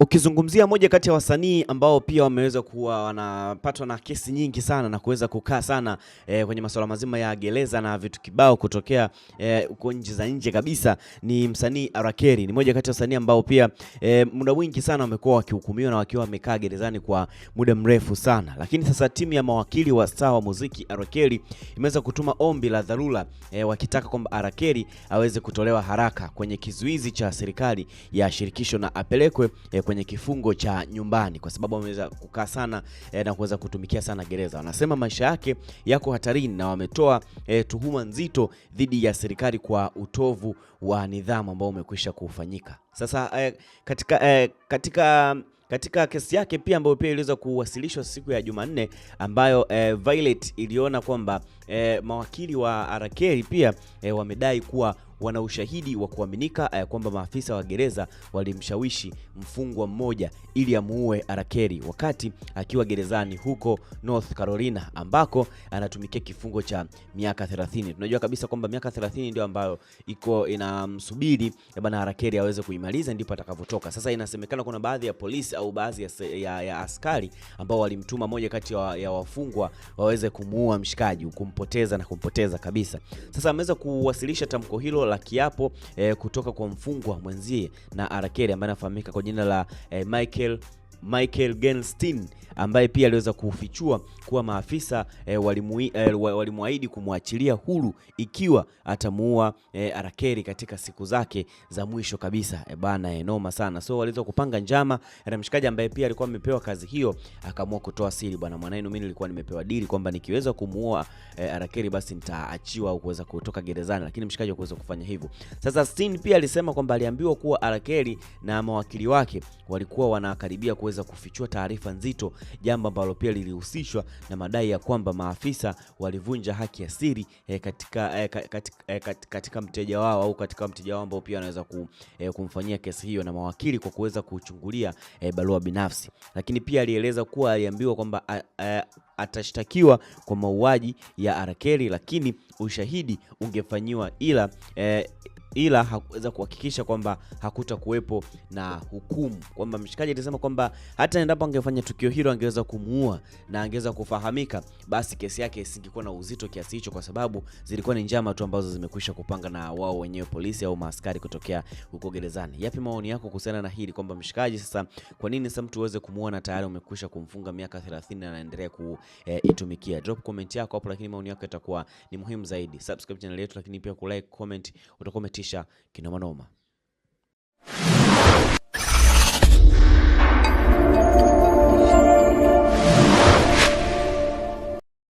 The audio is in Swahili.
Ukizungumzia moja kati ya wasanii ambao pia wameweza kuwa wanapatwa na kesi nyingi sana na kuweza kukaa sana e, kwenye masuala mazima ya gereza na vitu kibao kutokea e, eh, uko nje za nje kabisa, ni msanii Arakeri. Ni moja kati ya wasanii ambao pia e, muda mwingi sana wamekuwa wakihukumiwa na wakiwa wamekaa gerezani kwa muda mrefu sana, lakini sasa timu ya mawakili wa staa wa muziki Arakeri imeweza kutuma ombi la dharura e, wakitaka kwamba Arakeri aweze kutolewa haraka kwenye kizuizi cha serikali ya shirikisho na apelekwe e, kwenye kifungo cha nyumbani kwa sababu wameweza kukaa sana e, na kuweza kutumikia sana gereza. Wanasema maisha yake yako hatarini na wametoa e, tuhuma nzito dhidi ya serikali kwa utovu wa nidhamu ambao umekwisha kufanyika. Sasa e, katika, e, katika katika kesi yake pia ambayo pia iliweza kuwasilishwa siku ya Jumanne ambayo eh, Violet iliona kwamba eh, mawakili wa Arakeli pia eh, wamedai kuwa wana ushahidi wa kuaminika ya eh, kwamba maafisa wa gereza walimshawishi mfungwa mmoja ili amuue Arakeri wakati akiwa gerezani huko North Carolina ambako anatumikia kifungo cha miaka 30. Tunajua kabisa kwamba miaka 30 ndio ambayo iko inamsubiri bwana Arakeri aweze kuimaliza ndipo atakavyotoka. Sasa inasemekana kuna baadhi ya polisi au baadhi ya, ya, ya askari ambao walimtuma moja kati ya, ya wafungwa waweze kumuua mshikaji, kumpoteza na kumpoteza kabisa. Sasa ameweza kuwasilisha tamko hilo la kiapo eh, kutoka kwa mfungwa mwenzie na Arakeli ambaye anafahamika kwa jina la eh, Michael Michael Genstein ambaye pia aliweza kufichua kuwa maafisa e, walimwahidi e, kumwachilia huru ikiwa atamuua e, eh, Arakeri katika siku zake za mwisho kabisa. E, bana enoma sana. So waliweza kupanga njama na mshikaji ambaye pia alikuwa amepewa kazi hiyo akaamua kutoa siri, bwana mwanaenu, mimi nilikuwa nimepewa dili kwamba nikiweza kumuua e, Arakeri basi nitaachiwa au kuweza kutoka gerezani, lakini mshikaji hakuweza kufanya hivyo. Sasa Stein pia alisema kwamba aliambiwa kuwa Arakeri na mawakili wake walikuwa wanakaribia kuweza kuweza kufichua taarifa nzito, jambo ambalo pia lilihusishwa na madai ya kwamba maafisa walivunja haki ya siri eh, katika, eh, katika, eh, katika mteja wao au katika mteja wao ambao pia wanaweza ku, eh, kumfanyia kesi hiyo na mawakili kwa kuweza kuchungulia eh, barua binafsi, lakini pia alieleza kuwa aliambiwa kwamba atashtakiwa kwa mauaji ya Arakeli, lakini ushahidi ungefanyiwa ila eh, ila hakuweza kuhakikisha kwamba hakutakuwepo na hukumu, kwamba mshikaji alisema kwamba hata endapo angefanya tukio hilo angeweza kumuua na angeweza kufahamika, basi kesi yake isingekuwa na uzito kiasi hicho, kwa sababu zilikuwa ni njama tu ambazo zimekwisha kupanga na wao wenyewe polisi au maaskari kutokea huko gerezani. Yapi maoni yako kuhusiana na hili kwamba mshikaji sasa, kwa nini sasa mtu uweze na tayari umekwisha kumfunga miaka 30 na anaendelea kuitumikia? E, drop comment yako hapo, lakini maoni yako yatakuwa ni muhimu zaidi. Subscribe channel yetu, lakini pia like comment utakuwa ya que no manoma.